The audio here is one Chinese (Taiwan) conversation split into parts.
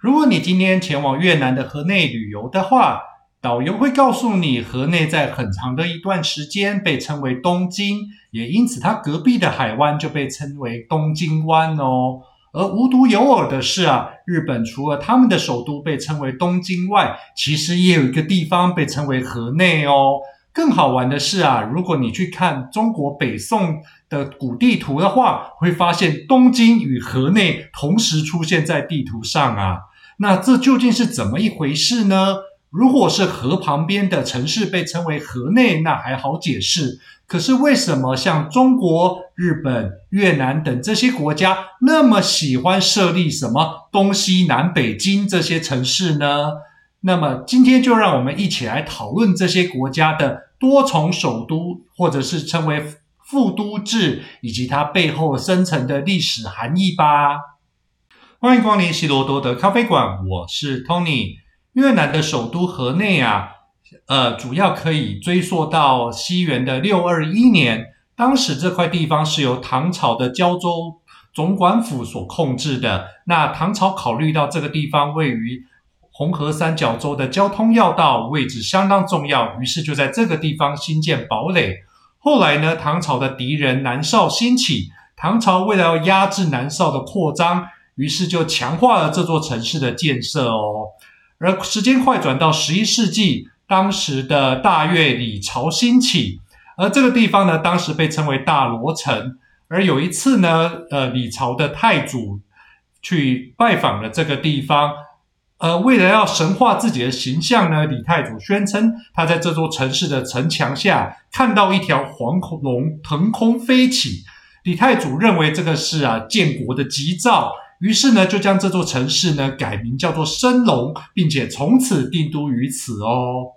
如果你今天前往越南的河內旅遊的話，導遊會告訴你，河內在很長的一段時間被稱為東京，也因此它隔壁的海灣就被稱為東京灣哦。而無獨有偶的是啊，日本除了他們的首都被稱為東京外，其實也有一個地方被稱為河內哦。更好玩的是啊，如果你去看中國北宋的古地圖的話，會發現東京與河內同時出現在地圖上啊。那這究竟是怎麼一回事呢？如果是河旁邊的城市被稱為河內，那還好解釋。可是為什麼像中國、日本、越南等這些國家那麼喜歡設立什麼東西南北京這些城市呢？那麼今天就讓我們一起來討論這些國家的多重首都，或者是稱為副都制，以及它背後深層的歷史含義吧。歡迎光臨西羅多德咖啡館，我是 Tony。越南的首都河內啊，呃，主要可以追溯到西元的六二一年，當時這塊地方是由唐朝的交州總管府所控制的。那唐朝考慮到這個地方位於紅河三角洲的交通要道，位置相當重要，於是就在這個地方興建堡壘。後來呢，唐朝的敵人南詔興起，唐朝為了要壓制南詔的擴張。於是就強化了這座城市的建設哦。而時間快轉到十一世紀，當時的大越李朝興起，而這個地方呢，當時被稱為大羅城。而有一次呢，呃，李朝的太祖去拜訪了這個地方，呃，為了要神化自己的形象呢，李太祖宣稱他在這座城市的城牆下看到一條黃龍騰空飛起。李太祖認為這個是啊，建國的吉兆。於是呢，就將這座城市呢改名叫做升龍，並且從此定都於此哦。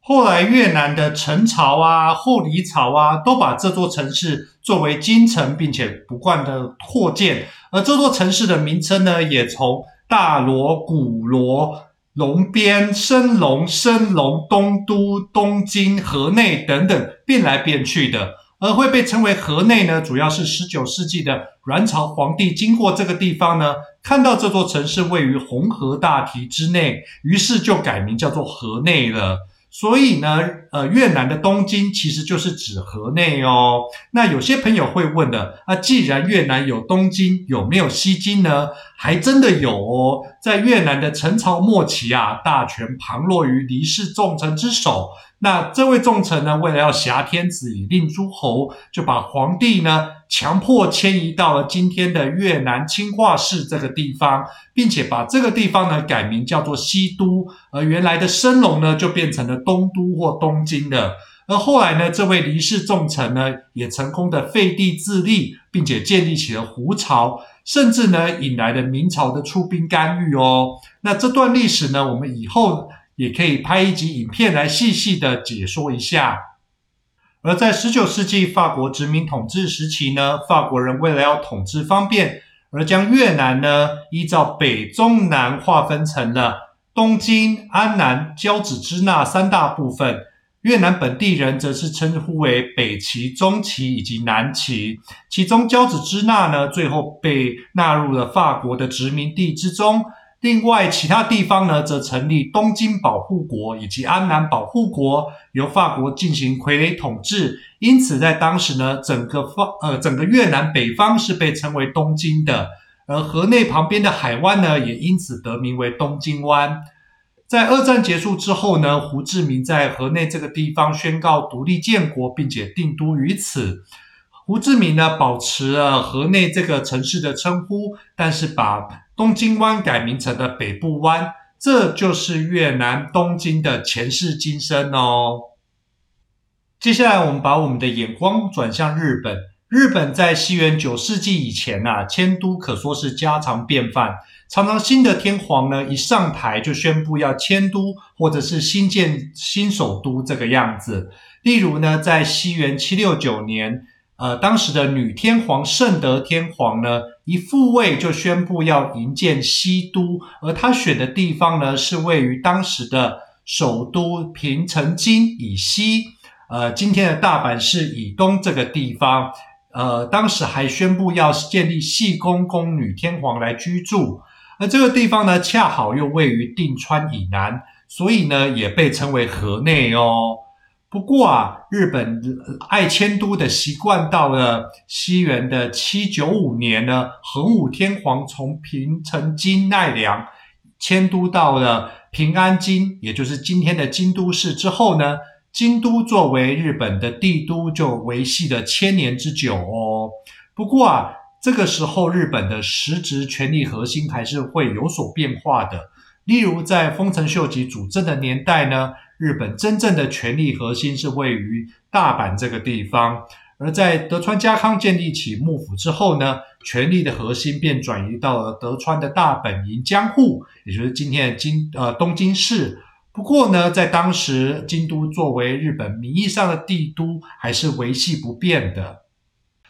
後來越南的陳朝啊、後黎朝啊，都把這座城市作為京城，並且不斷的擴建。而這座城市的名稱呢，也從大羅、古羅、龍邊、升龍、升龍東都、東京、河內等等變來變去的。而會被稱為河內呢，主要是十九世紀的阮朝皇帝經過這個地方呢，看到這座城市位於紅河大堤之內，於是就改名叫做河內了。所以呢，呃，越南的東京其實就是指河內哦。那有些朋友會問的，那、啊、既然越南有東京，有沒有西京呢？還真的有哦，在越南的陳朝末期啊，大權旁落於黎氏重臣之手。那這位重臣呢，為了要挾天子以令諸侯，就把皇帝呢強迫遷移到了今天的越南清化市這個地方，並且把這個地方呢改名叫做西都，而原來的升龍呢就變成了東都或東京的。而後來呢，這位黎氏重臣呢也成功的廢帝自立，並且建立起了胡朝，甚至呢引來了明朝的出兵干預哦。那這段歷史呢，我們以後。也可以拍一集影片來細細的解說一下。而在十九世紀法國殖民統治時期呢，法國人為了要統治方便，而將越南呢依照北中南劃分成了東京、安南、交趾支那三大部分。越南本地人則是稱呼為北圻、中圻以及南圻。其中交趾支那呢，最後被納入了法國的殖民地之中。另外，其他地方呢，則成立東京保護國以及安南保護國，由法國進行傀儡統治。因此，在當時呢，整個方呃整個越南北方是被稱為東京的，而河內旁邊的海灣呢，也因此得名為東京灣。在二戰結束之後呢，胡志明在河內這個地方宣告獨立建國，並且定都於此。胡志明呢，保持了河內這個城市的稱呼，但是把。東京灣改名成了北部灣，這就是越南東京的前世今生哦。接下來，我們把我們的眼光轉向日本。日本在西元九世紀以前啊，遷都可說是家常便飯，常常新的天皇呢一上台就宣布要遷都，或者是新建新首都這個樣子。例如呢，在西元七六九年，呃，當時的女天皇聖德天皇呢，一復位就宣布要營建西都，而他選的地方呢是位於當時的首都平城京以西，呃，今天的大阪市以東這個地方，呃，當時還宣布要建立細工宮女天皇來居住，而這個地方呢恰好又位於定川以南，所以呢也被稱為河內哦。不過啊，日本愛遷都的習慣到了西元的七九五年呢，桓武天皇從平城京奈良遷都到了平安京，也就是今天的京都市之後呢，京都作為日本的帝都就維繫了千年之久哦。不過啊，這個時候日本的實質權力核心還是會有所變化的，例如在豐臣秀吉主政的年代呢。日本真正的權力核心是位於大阪這個地方，而在德川家康建立起幕府之後呢，權力的核心便轉移到了德川的大本營江戶，也就是今天的京，呃，東京市。不過呢，在當時京都作為日本名義上的帝都，還是維繫不變的。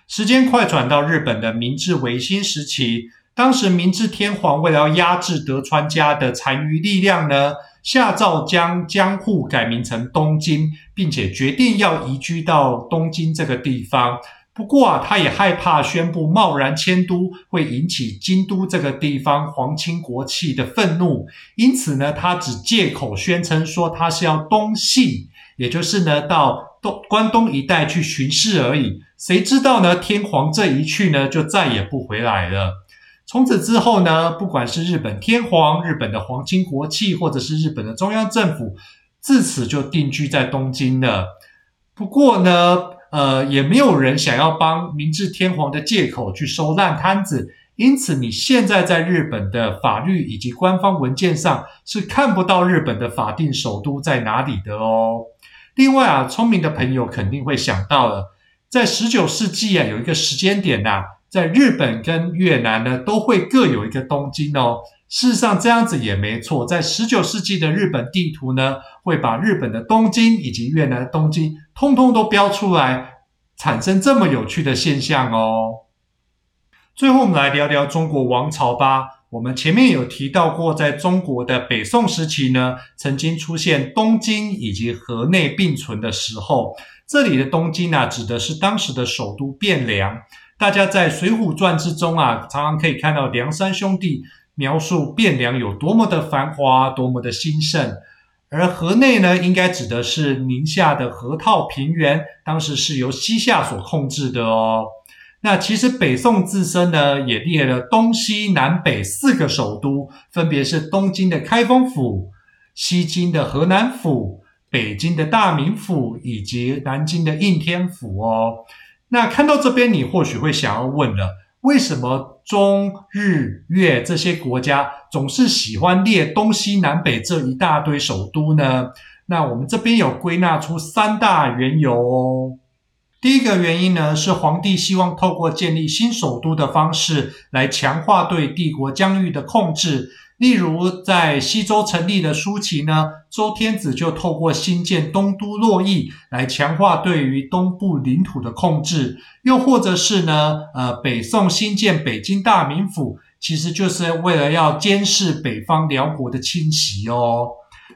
時間快轉到日本的明治維新時期。當時明治天皇為了要壓制德川家的殘餘力量呢，下詔將江戶改名成東京，並且決定要移居到東京這個地方。不過啊，他也害怕宣布貿然遷都會引起京都這個地方皇親國戚的憤怒，因此呢，他只借口宣稱說他是要東幸，也就是呢到東關東一帶去巡視而已。誰知道呢？天皇這一去呢，就再也不回來了。從此之後呢，不管是日本天皇、日本的皇親國戚，或者是日本的中央政府，自此就定居在東京了。不過呢，呃，也沒有人想要幫明治天皇的借口去收爛攤子，因此你現在在日本的法律以及官方文件上是看不到日本的法定首都在哪裡的哦。另外啊，聰明的朋友肯定會想到了，在十九世紀啊，有一個時間點吶、啊。在日本跟越南呢，都會各有一個東京哦。事實上，這樣子也沒錯。在十九世紀的日本地圖呢，會把日本的東京以及越南的東京，通通都標出來，產生這麼有趣的現象哦。最後，我們來聊聊中國王朝吧。我們前面有提到過，在中國的北宋時期呢，曾經出現東京以及河內並存的時候。這裡的東京啊，指的是當時的首都汴梁。大家在《水滸傳》之中啊，常常可以看到梁山兄弟描述汴梁有多麼的繁華，多麼的興盛。而河內呢，應該指的是寧夏的河套平原，當時是由西夏所控制的哦。那其實北宋自身呢，也列了東西南北四個首都，分別是東京的開封府，西京的河南府。北京的大名府以及南京的應天府哦，那看到這邊，你或許會想要問了：為什麼中日越這些國家總是喜歡列東西南北這一大堆首都呢？那我們這邊有歸納出三大緣由哦。第一個原因呢，是皇帝希望透過建立新首都的方式來強化對帝國疆域的控制。例如，在西周成立的初期呢，周天子就透過興建東都洛邑來強化對於東部領土的控制；又或者是呢，呃，北宋新建北京大名府，其實就是為了要監視北方遼國的侵襲哦。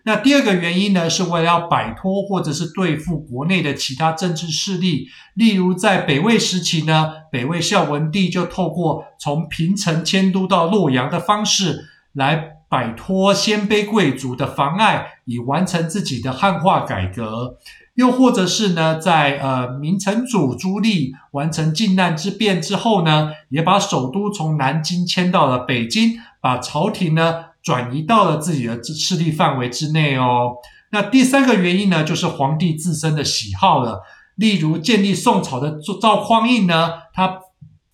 那第二個原因呢，是為了要擺脫或者是對付國內的其他政治勢力。例如，在北魏時期呢，北魏孝文帝就透過從平城遷都到洛陽的方式。來擺脫鮮卑貴族的妨礙，以完成自己的漢化改革。又或者是呢，在呃，明成祖朱棣完成靖難之變之後呢，也把首都從南京遷到了北京，把朝廷呢轉移到了自己的勢力範圍之內哦。那第三個原因呢，就是皇帝自身的喜好了，例如建立宋朝的趙匡胤呢，他。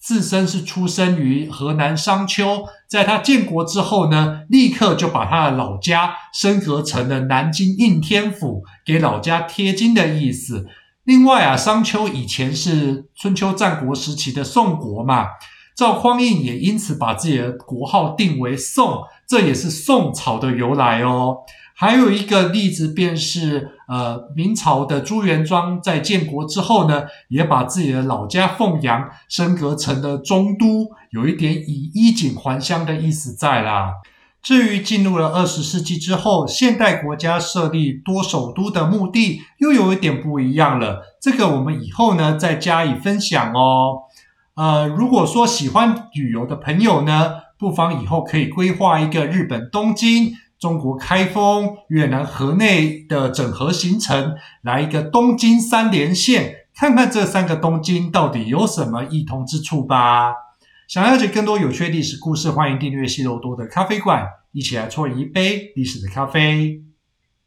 自身是出生於河南商丘，在他建國之後呢，立刻就把他的老家升格成了南京應天府，給老家貼金的意思。另外啊，商丘以前是春秋戰國時期的宋國嘛，趙匡胤也因此把自己的國號定為宋，這也是宋朝的由來哦。還有一個例子，便是呃，明朝的朱元璋在建國之後呢，也把自己的老家鳳陽升格成了中都，有一點以衣錦還鄉的意思在啦。至於進入了二十世紀之後，現代國家設立多首都的目的又有一點不一樣了，這個我們以後呢再加以分享哦。呃，如果說喜歡旅遊的朋友呢，不妨以後可以規劃一個日本東京。中國開封、越南河內的整合行程，來一個東京三連線，看看這三個東京到底有什麼異同之處吧。想了解更多有趣歷史故事，歡迎訂閱西樓多的咖啡館，一起來啜一杯歷史的咖啡。